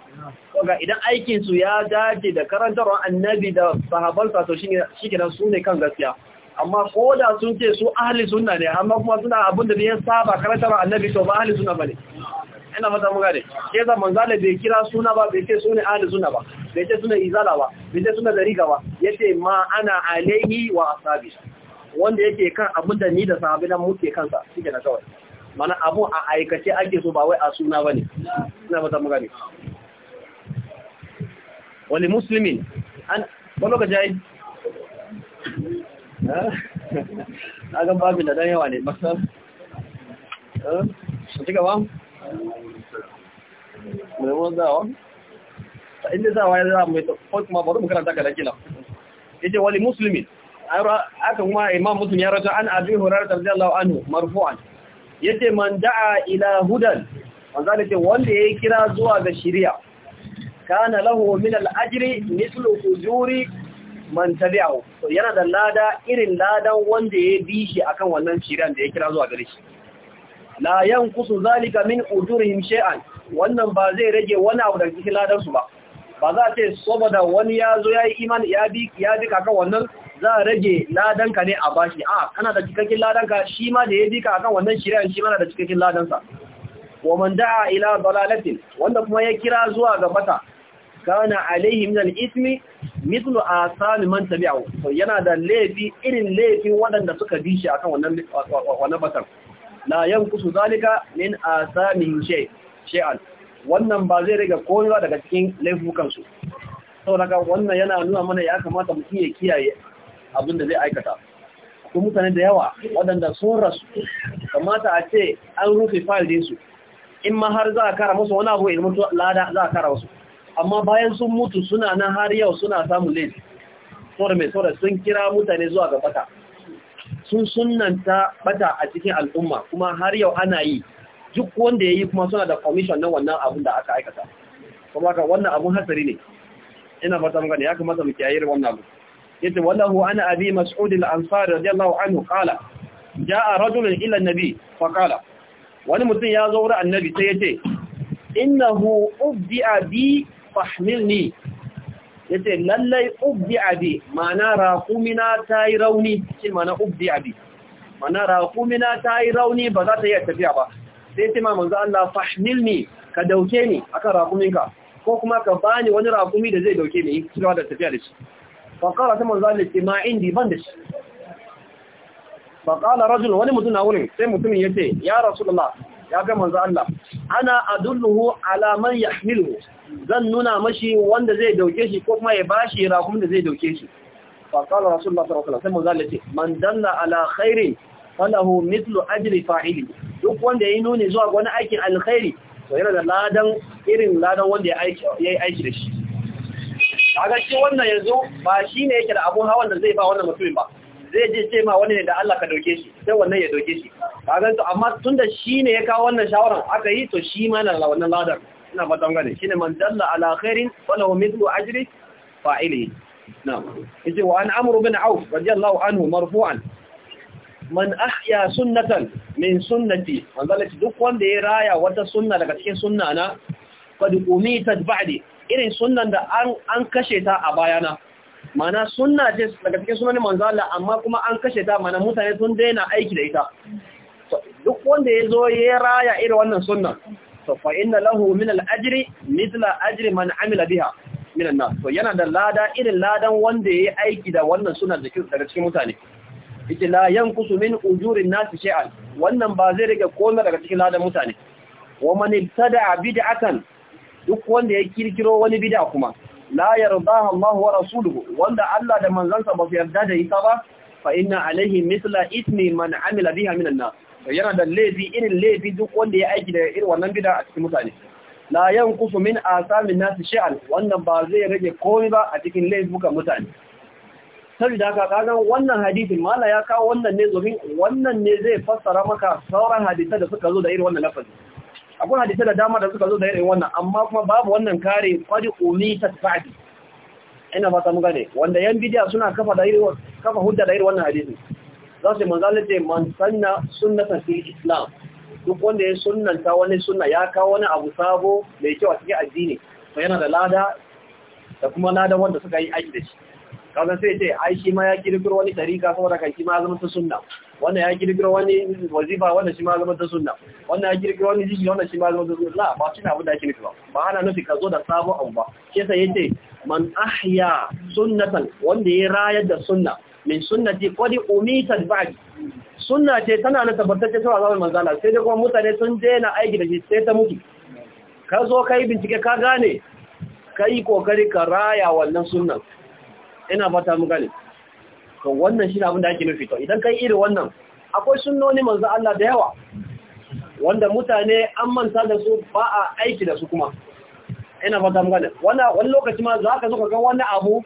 ga idan aikinsu ya dace da karantarwa annabi da sahabansa to shine shike su ne kan gaskiya amma ko da sun ce su ahli sunna ne amma kuma suna abin da ya saba karantarwa annabi to ba ahli sunna ba ne ina mata muka ne ke za manzala bai kira suna ba bai ce sunan ahli suna ba bai ce sunan izala ba bai ce sunan dariga ba yace ma ana alaihi wa ashabi wanda yake kan abin da ni da sahabi nan muke kansa shike na kawai mana abu a aikace ake so ba wai a suna bane ina mata muka ne wani muslimin an ba lokaci ai na ga babin da dan yawa ne masu eh, su ci gaba mai ruwan zawa ta inda zawa ya zama mai tafi kuma bari mu karanta ka dakila yace wali muslimin aka kuma imam muslim ya rata an abi hurairah radiyallahu anhu marfu'an yace man da'a ila hudan wanda yace wanda ya kira zuwa ga shari'a kana lahu min al-ajri mithlu ujuri man tabi'ahu to yana da lada irin ladan wanda ya bi shi akan wannan shari'a da ya kira zuwa gare shi la yanqusu zalika min ujurihim shay'an wannan ba zai rage wani abu da cikin ladan su ba ba za ce saboda wani yazo yayi imani ya bi ya bi kaka wannan za rage ladan ka ne a bashi a kana da cikakken ladan ka shi ma da ya bi ka kan wannan shari'a shi ma da cikakken ladan sa wa man da'a ila dalalatin wanda kuma ya kira zuwa ga bata kana alaihim min al-ithmi mithlu asan man to yana da laifi irin laifin waɗanda suka bi shi akan wannan wannan batar la yankusu zalika min a shay she'an. wannan ba zai rage komai ba daga cikin laifukan su saboda wannan yana nuna mana ya kamata mutum ya kiyaye abin da zai aikata ko mutane da yawa waɗanda sun rasu kamata a ce an rufe fayil dinsu in ma har za a kara musu wani abu ilmi lada za a kara wasu amma bayan sun mutu suna nan har yau suna samun laifi saboda mai sun kira mutane zuwa ga fata sun sunanta bata a cikin al'umma kuma har yau ana yi duk wanda ya yi kuma suna da commission na wannan abin da aka aikata kuma ka wannan abun hasari ne ina fata maka ne ya kamata mu kiyaye wannan abu yace wallahu ana abi mas'ud al-ansari radiyallahu anhu qala jaa rajulun ila an-nabi fa qala wani mutum ya zo wurin annabi sai yace innahu ubdi'a bi fahmilni yace lallai ubdi abi mana raqumina yi rauni shi mana ubdi abi mana raqumina tayi rauni ba za ta a tafiya ba sai ce mamun manzo Allah fahmilni ka dauke ni akan rakuminka ko kuma ka bani wani raqumi da zai dauke ni shi da tafiya da shi fa qala ta manzo Allah ma indi ban da shi fa qala rajul wani mutum na wurin sai mutumin yace ya rasulullah ya ga manzo Allah ana adulluhu alaman man zan nuna mashi wanda zai dauke shi ko kuma ya bashi rakum da zai dauke shi fa qala rasulullah sallallahu alaihi wasallam zalati man dalla ala khairin falahu mithlu ajri fa'ili duk wanda yayi nuni zuwa ga wani aikin alkhairi to yana da ladan irin ladan wanda ya aiki yayi aiki da shi kaga shi wannan yanzu ba shine yake da abun hawan da zai ba wannan mutumin ba zai je ce ma wani ne da Allah ka dauke shi sai wannan ya dauke shi kaga to amma tunda shine ya kawo wannan shawara aka yi to shi ma na wannan ladan ina fatan gane shi ne dalla ala khairin wa mithlu ajri fa'ili na'am yace wa an amru bin auf radiyallahu anhu marfu'an man ahya sunnatan min sunnati manzalati duk wanda ya raya wata sunna daga cikin sunna na qad umitat ba'di irin sunnan da an an kashe ta a bayana mana sunna ce daga cikin sunan manzala amma kuma an kashe ta mana mutane sun daina aiki da ita duk wanda ya zo ya raya irin wannan sunnan fa inna lahu min al-ajri mithla ajri man amila biha min an-nas to yana da lada irin ladan wanda yayi aiki da wannan sunan da kin daga cikin mutane yake la yanqusu min ujurin nas shay'an wannan ba zai rage komai daga cikin ladan mutane wa man ibtada'a bid'atan duk wanda ya kirkiro wani bid'a kuma la yardaha Allah wa rasuluhu wanda Allah da manzansa ba su yarda da ita ba fa inna alaihi mithla ismi man amila biha min an-nas yana da laifi irin laifi duk wanda ya aiki da irin wannan bida a cikin mutane la yanqusu min asamin nasu sha'al wannan ba zai rage komai ba a cikin laifukan mutane saboda haka kagan wannan hadisin mala ya kawo wannan ne domin wannan ne zai fassara maka sauran hadisai da suka zo da irin wannan lafazi akwai hadisai da dama da suka zo da irin wannan amma kuma babu wannan kare umi, ta sa'di ina fata mun gane wanda yan bidiya suna kafa da irin kafa hujja da irin wannan hadisin za su manzala ce man sanna sunnatan fi islam duk wanda ya sunnanta wani sunna ya kawo wani abu sabo mai kyau a cikin addini to yana da lada da kuma lada wanda suka yi aiki da shi kaga sai ce ai shi ma ya kirkiro wani tarika saboda kan shi ma zama ta sunna wanda ya kirkiro wani wazifa wanda shi ma zama ta sunna wanda ya kirkiro wani jiki wanda shi ma zama ta sunna ba shi abin da ake nufi ba ba ana nufi ka zo da sabon abu ba shi ya ce man ahya sunnatan wanda ya rayar da sunna min sunnati qadi umita ba'd sunna ce tana na tabbatacce cewa zaman manzala sai dai kuma mutane sun na aiki da shi sai ta mutu ka zo kai bincike ka gane kai kokari ka raya wannan sunnan ina fata mu gane to wannan shi abin da ake nufi to idan kai irin wannan akwai sunnoni manzo Allah da yawa wanda mutane an manta da su ba a aiki da su kuma ina fata mu gane wannan wani lokaci ma za ka zo ka ga wani abu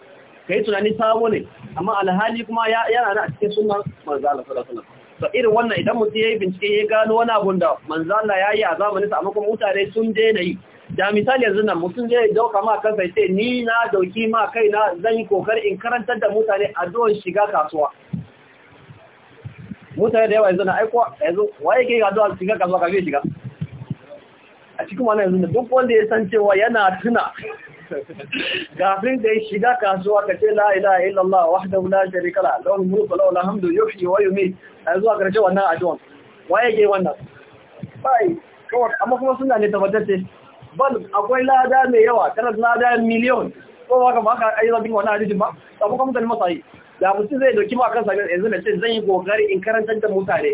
ka yi tunani sabo ne amma alhali kuma yana da a cikin sunan manzala sallallahu to irin wannan idan mutum ya yi bincike ya gano wani abun da manzala ya yi a zamanin sa amma kuma mutane sun na yi da misali yanzu nan mutum zai dauka ma kansa ya ce ni na dauki ma kaina zan yi kokarin in karantar da mutane a don shiga kasuwa mutane da yawa yanzu na aiko yanzu waye ke ga addu'ar shiga kasuwa kafin shiga a cikin wannan yanzu duk wanda ya san cewa yana tuna kafin da ya shiga kasuwa ka ce la ilaha illallah wahdahu la sharika la lahu mulku wa hamdu yau shi wayo mai a zuwa karshe wannan addu'a waye ke wannan bai kawai amma kuma suna ne tabbatar ce bal akwai lada mai yawa kana lada miliyon ko ba ka aka ayi zabin wannan hadisin ba ta kuma mutane yi da mutum zai doki ma kansa yanzu da ce zan yi kokari in karantar da mutane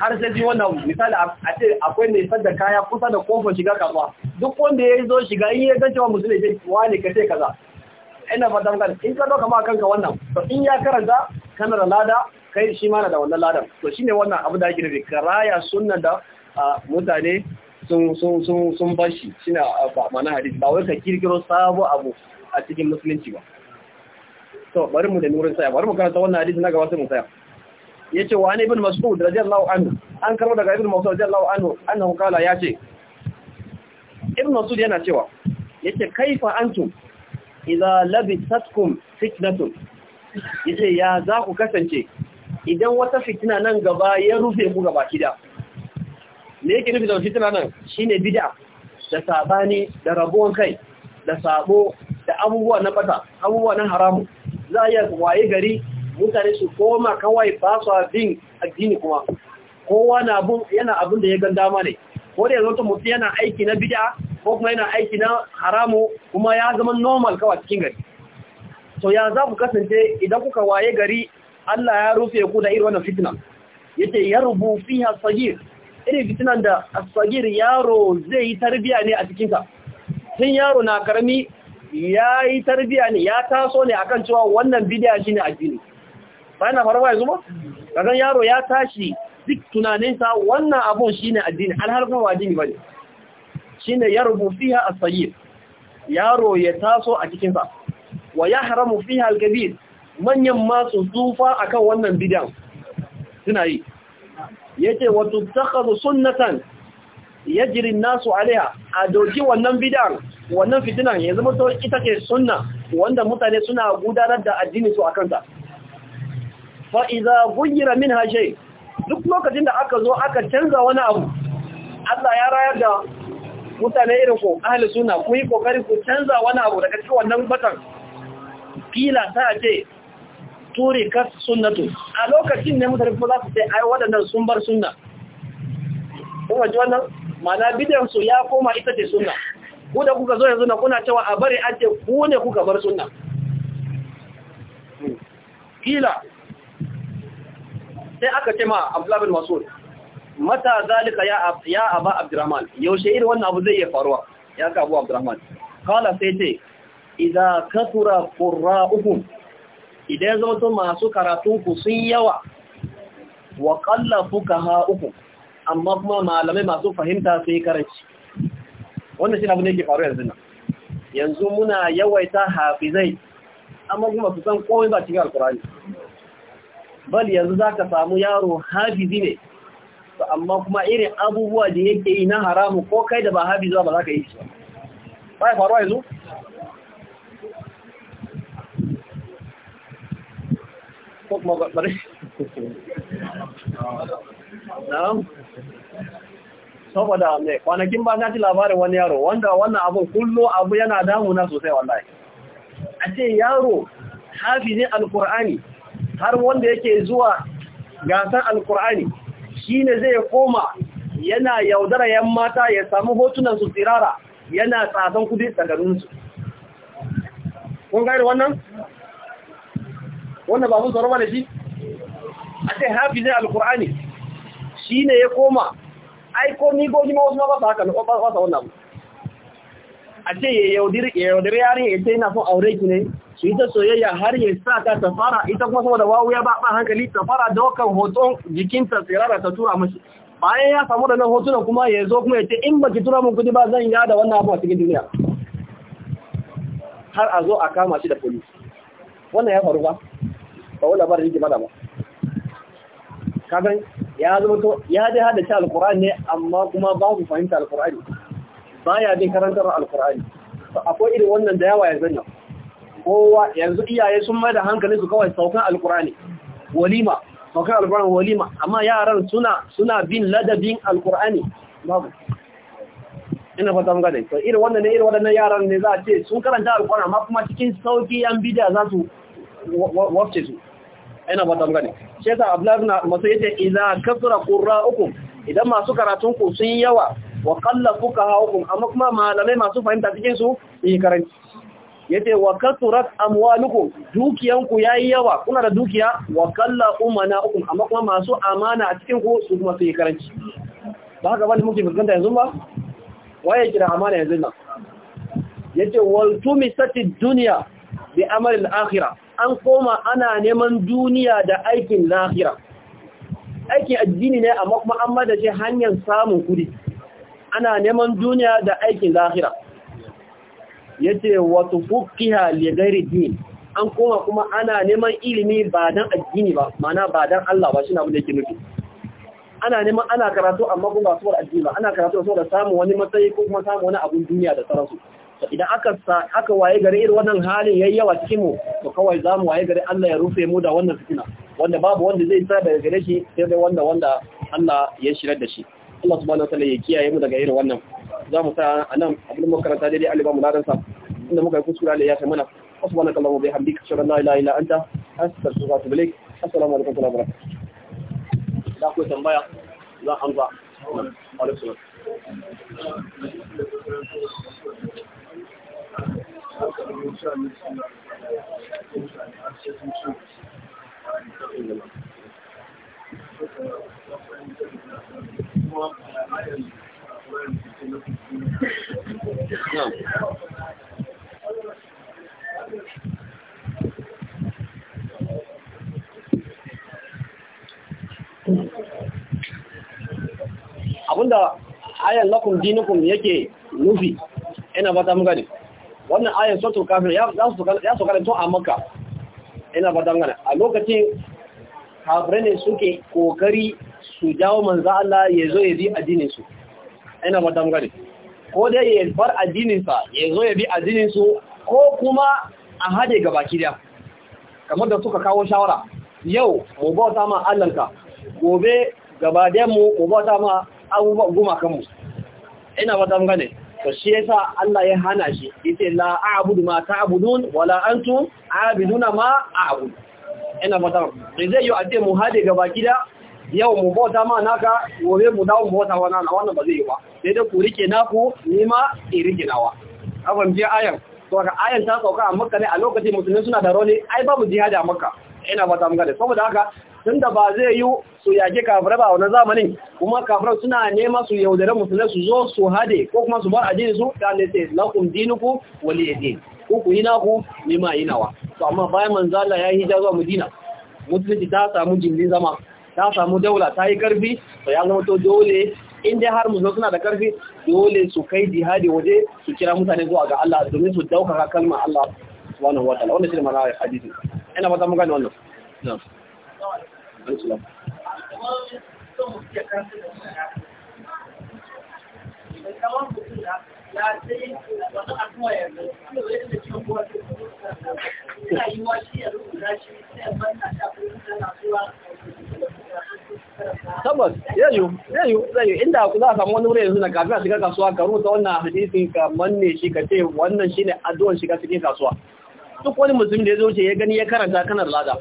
har sai ji wannan misali a ce akwai mai da kaya kusa da kofar shiga kasuwa duk wanda ya zo shiga in ya gace wa musulmi wa wani ka ce kaza ina fatan kan in ka doka ma kanka wannan to in ya karanta kana da lada kai shi ma na da wannan ladan to shine wannan abu da ake nufi karaya sunnan da mutane sun sun sun sun shi shine ma'ana hadisi ba wai ka kirkiro sabo abu a cikin musulunci ba to bari mu da nurin saya bari mu karanta wannan hadisi na gaba sai mu saya yace wa an ibn mas'ud radiyallahu anhu an karo daga ibn mas'ud radiyallahu anhu annahu kala yace ibn mas'ud yana cewa yace kaifa antum idza labisatkum fitnatun yace ya za ku kasance idan wata fitina nan gaba ya rufe ku gaba kida me yake nufi da fitina nan shine bid'a da sabani da rabuwan kai da sabo da abubuwa na bata abubuwa na haramu za a iya waye gari mutane su koma kawai ba su abin addini kuma kowa na abun yana abun da ya gan dama ne ko da yanzu mutum yana aiki na bid'a ko kuma yana aiki na haramu kuma ya zama normal kawai cikin gari to ya za ku kasance idan kuka waye gari Allah ya rufe ku da irin wannan fitna yace ya rubu fiha sagir irin fitnan da sagir yaro zai yi tarbiya ne a cikin ka tun yaro na karami ya yi tarbiya ne ya taso ne akan cewa wannan bid'a shine addini ba yana faruwa yanzu ba kagan yaro ya tashi duk tunaninsa wannan abun shine addini alharfin wa bane shine yarbu fiha as-sayyid yaro ya taso a cikin sa wa yahramu fiha al-kabir manyan masu tsufa akan wannan bid'an suna yi yace wa tutakhadhu sunnatan yajri an-nasu alaiha a doki wannan bid'an wannan fitinan ya zama to ita ce sunna wanda mutane suna gudanar da addini su akan ta fa iza ghayira min haje, duk lokacin da aka zo aka canza wani abu Allah ya rayar da mutane irin ko ahli sunna ku yi kokari ku canza wani abu daga cikin wannan batan kila ta ce turi kas sunnatu a lokacin ne mutane kuma za su ce ai waɗannan sun bar sunna kuma ji wannan mana bidiyon su ya koma ita ce sunna ku da kuka zo yanzu na kuna cewa a bari an ce ku ne kuka bar sunna kila sai aka ce ma Abdullah bin Mas'ud mata zalika ya ya aba Abdurrahman yaushe irin wannan abu zai iya faruwa ya ka Abu Abdurrahman kala sai ce idza kathura qurra'uhum idan zama to masu karatun ku sun yawa wa qalla uku, amma kuma malamai masu fahimta sun yi karanci wannan shine abu da yake faruwa yanzu yanzu muna yawaita hafizai amma kuma su san komai ba cikin alqur'ani bal yanzu za ka samu yaro hafizi ne amma kuma irin abubuwa da yake yi na haramu ko kai da ba hafizi ba za ka yi su ba ya faruwa yanzu ko kuma bari na'am saboda mai kwanakin ba na labarin wani yaro wanda wannan abin kullo abu yana damuna sosai wallahi a ce yaro hafizin alkur'ani har wanda yake zuwa gasar alkur'ani shine zai koma yana yaudara yan mata ya samu hotunan su tsirara yana tsadan kudi tsagarinsu kun gari wannan? wannan babu tsoro mana shi? a ce hafi zai alkur'ani shi ne ya koma aiko ni goji ma wasu ma ba su haka na ƙwasa wannan a ce ya yaudari yari ya ce yana son aure ki ne su ita ta soyayya har ya sa ta tafara ita kuma saboda wawu ya ba hankali tafara da wakan hoton jikinta tsirara ta tura mashi bayan ya samu da nan hotunan kuma ya zo kuma ya ce in baki tura mun kudi ba zan yada wannan abu a cikin duniya har a zo a kama shi da polis wannan ya faru ba ba wani labarin yake mada ba kagan ya zama to ya dai hada shi alkur'ani ne amma kuma babu fahimta alkur'ani Ba ya bin karantar alkur'ani akwai irin wannan da yawa ya zanya kowa yanzu iyaye sun mai da hankali su kawai saukan alkur'ani walima saukan alkur'ani walima amma yaran suna suna bin ladabin alkur'ani babu ina fata mun gane to irin wannan ne irin wadannan yaran ne za a ce sun karanta alkur'ani amma kuma cikin sauki yan bid'a za su wafce su ina fata mun gane shi yasa abdullahi na masu yace idza kasra qurra'ukum idan masu karatun ku sun yawa wa qalla fuqaha'ukum amma kuma malamai masu fahimta cikin su yi karanci yace wa kasurat amwalukum dukiyanku yayi yawa kuna da dukiya wa qalla umana'ukum amma kuma masu amana a cikin ku su kuma su yi karanci ba haka bane muke fuskanta yanzu ba waye kira amana yanzu nan yace wal tumisatid dunya bi amalil akhirah an koma ana neman duniya da aikin lahira aikin addini ne amma kuma an mada shi hanyar samun kudi ana neman duniya da aikin zahira yace wa tufqiha li ghairi din an koma kuma ana neman ilimi ba dan addini ba mana ba dan Allah ba shi abin da ke nufi ana neman ana karatu amma kuma suwar addini ba ana karatu saboda samun wani matsayi ko kuma samun wani abun duniya da sauransu idan aka aka waye gari irin wannan halin yi yawa cikin mu to kawai zamu waye gari Allah ya rufe mu da wannan fitina wanda babu wanda zai sa daga gare shi sai dai wanda wanda Allah ya shirar da shi Allah subhanahu wa ta'ala ya kiyaye mu daga irin wannan za mu sa anan abin makaranta dai Allah ba mu ladan sa inda muka yi kusura da ya kai mana subhanaka allahumma bihamdika shukran la ilaha illa anta astaghfiruka wa atubu ilayk assalamu alaikum wa rahmatullahi wa barakatuh da ku tambaya za an ba alaikum Thank you. abinda ayan lakun dinukun yake nufi ina ba ta mu gani wannan ayan sautul kafin ya su karanto a maka ina ba ta mu gani a lokacin kafirai ne suke kokari su jawo manzo Allah ya zo ya bi addininsu? ina ba damgari ko dai ya bar addininsa ya zo ya bi addininsu ko kuma a hade baki da kamar da suka kawo shawara yau mu bauta ma Allahnka gobe gaba mu mu bauta ma abubuwa guma kanmu. ina ba damgari to shi yasa Allah ya hana shi yace la a'budu ma ta'budun wala antum a'biduna ma a'budu ina ba dangane zai yi a ce mu ga gabaki da yau mu bauta ma naka gobe mu dawo mu bauta wa nana wannan ba zai yi ba sai dai ku rike naku ni ma in rike nawa a fahimci ayan to ka ayan ta sauka a makka ne a lokacin musulmi suna da rauni ai babu jihadi a makka ina ba ta mun gane saboda haka tunda ba zai yi su yaki kafira ba wannan zamanin kuma kafirai suna nema su yaudare musulmi su zo su hade ko kuma su bar addini su ta ne sai lakum dinukum waliyadin ku ku yi naku ni ma yi nawa to amma bayan manzo Allah ya hijira zuwa Madina musulunci ta samu jindin zama ta samu daula ta yi karfi to ya zama to dole in dai har musulmi suna da karfi dole su kai jihadi waje su kira mutane zuwa ga Allah domin su daukaka kalma Allah subhanahu wa ta'ala wannan shi ne mana hadisi ina fata mun gane wannan na'am tabbas yayu yayu yayu yi inda ku za ka samu wani wuri yanzu na kafin a shiga kasuwa ka rubuta wannan hadisin ka manne shi ka ce wannan shine addu'ar shiga cikin kasuwa duk wani musulmi da ya zo ce ya gani ya karanta kanar lada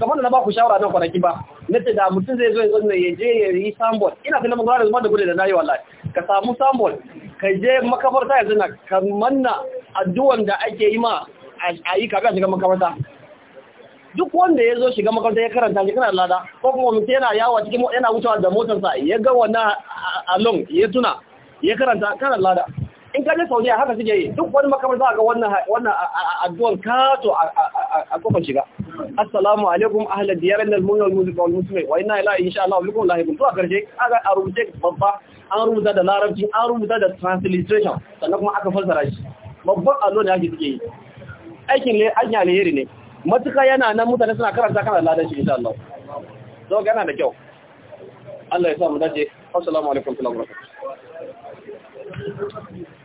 kamar da na ba ku shawara nan kwanaki ba na ce da mutum zai zo yanzu ya je ya yi sambol ina kallon magana da zuma da gudu da nayi wallahi ka samu sambol ka je makabarta yanzu na ka manna addu'ar da ake yi ma a yi kafin a shiga makabarta duk wanda ya zo shiga makaranta ya karanta shi kana lada ko kuma mutum yana yawa cikin yana wucewa da motarsa ya ga wannan alon ya tuna ya karanta kana lada in ka je saudiya haka suke yi duk wani makaranta ga wannan wannan ka kato a kofar shiga assalamu alaikum ahla diyarin al mu'min wal muslim wal muslim wa inna ila insha Allah bikum lahibun to a karshe aka a rubuce babba an rubuta da larabci an rubuta da translation sannan kuma aka fassara shi babban allo ne ake suke yi aikin ne aikin alheri ne matuka yana nan mutane suna karanta kan Allah ladan shi insha Allah so yana da kyau Allah ya sa mu dace assalamu alaikum wa rahmatullahi wa barakatuh